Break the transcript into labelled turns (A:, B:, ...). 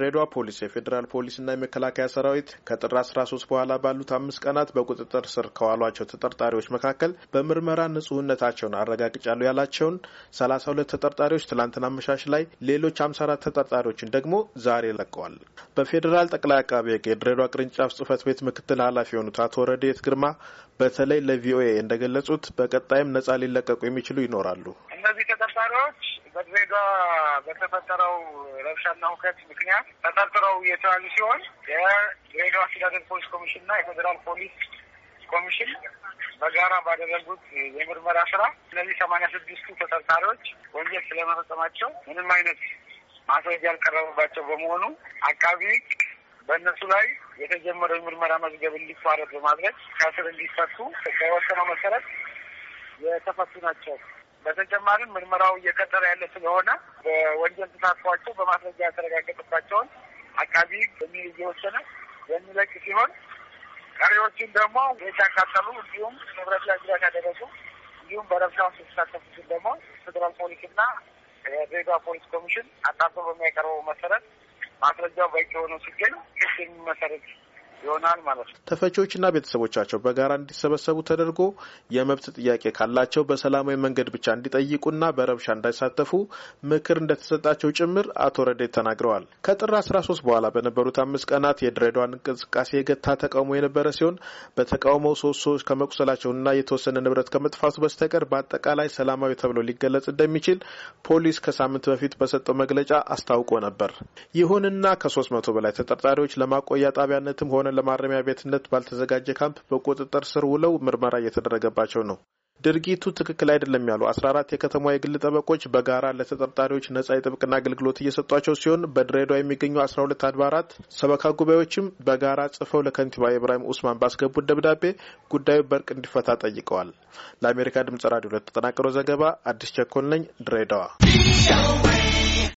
A: የድሬዳዋ ፖሊስ የፌዴራል ፖሊስና የመከላከያ ሰራዊት ከጥር 13 በኋላ ባሉት አምስት ቀናት በቁጥጥር ስር ከዋሏቸው ተጠርጣሪዎች መካከል በምርመራ ንጹህነታቸውን አረጋግጫሉ ያላቸውን 32 ተጠርጣሪዎች ትላንትና አመሻሽ ላይ፣ ሌሎች 54 ተጠርጣሪዎችን ደግሞ ዛሬ ለቀዋል። በፌዴራል ጠቅላይ አቃቤ ሕግ ቅርንጫፍ ጽህፈት ቤት ምክትል ኃላፊ የሆኑት አቶ ረድኤት ግርማ በተለይ ለቪኦኤ እንደገለጹት በቀጣይም ነጻ ሊለቀቁ የሚችሉ ይኖራሉ።
B: እነዚህ ተጠርጣሪዎች በድሬዳዋ በተፈጠረው ረብሻና ሁከት ምክንያት ተጠርጥረው የተያዙ ሲሆን የድሬዳዋ አስተዳደር ፖሊስ ኮሚሽንና የፌዴራል ፖሊስ ኮሚሽን በጋራ ባደረጉት የምርመራ ስራ እነዚህ ሰማንያ ስድስቱ ተጠርጣሪዎች ወንጀል ስለመፈጸማቸው ምንም አይነት ማስረጃ ያልቀረበባቸው በመሆኑ አቃቢ በእነሱ ላይ የተጀመረው የምርመራ መዝገብ እንዲቋረጥ በማድረግ ከእስር እንዲፈቱ ከወሰነው መሰረት የተፈቱ ናቸው። በተጨማሪም ምርመራው እየቀጠለ ያለ ስለሆነ በወንጀል ተሳትፏቸው በማስረጃ ያተረጋገጠባቸውን አቃቢ በሚል እየወሰነ የሚለቅ ሲሆን ቀሪዎችን ደግሞ ቤት ያቃጠሉ እንዲሁም ንብረት ላይ ጉዳት ያደረሱ እንዲሁም በረብሻ ውስጥ የተሳተፉትን ደግሞ ፌዴራል ፖሊስና የድሬዳዋ ፖሊስ ኮሚሽን አጣርቶ በሚያቀርበው መሰረት ማስረጃው በቂ ሆኖ ሲገኝ ክስ የሚመሰረት ይሆናል ማለት ነው።
A: ተፈቺዎችና ቤተሰቦቻቸው በጋራ እንዲሰበሰቡ ተደርጎ የመብት ጥያቄ ካላቸው በሰላማዊ መንገድ ብቻ እንዲጠይቁና በረብሻ እንዳይሳተፉ ምክር እንደተሰጣቸው ጭምር አቶ ረዴት ተናግረዋል። ከጥር አስራ ሶስት በኋላ በነበሩት አምስት ቀናት የድሬዳዋን እንቅስቃሴ የገታ ተቃውሞ የነበረ ሲሆን በተቃውሞው ሶስት ሰዎች ከመቁሰላቸውና የተወሰነ ንብረት ከመጥፋቱ በስተቀር በአጠቃላይ ሰላማዊ ተብሎ ሊገለጽ እንደሚችል ፖሊስ ከሳምንት በፊት በሰጠው መግለጫ አስታውቆ ነበር። ይሁንና ከሶስት መቶ በላይ ተጠርጣሪዎች ለማቆያ ጣቢያነትም ሆነ ለማረሚያ ቤትነት ባልተዘጋጀ ካምፕ በቁጥጥር ስር ውለው ምርመራ እየተደረገባቸው ነው። ድርጊቱ ትክክል አይደለም ያሉ አስራ አራት የከተማ የግል ጠበቆች በጋራ ለተጠርጣሪዎች ነጻ የጥብቅና አገልግሎት እየሰጧቸው ሲሆን በድሬዳዋ የሚገኙ አስራ ሁለት አድባራት ሰበካ ጉባኤዎችም በጋራ ጽፈው ለከንቲባ ኢብራሂም ኡስማን ባስገቡት ደብዳቤ ጉዳዩ በእርቅ እንዲፈታ ጠይቀዋል። ለአሜሪካ ድምጽ ራዲዮ ለተጠናቀረው ዘገባ አዲስ ቸኮል ነኝ ድሬዳዋ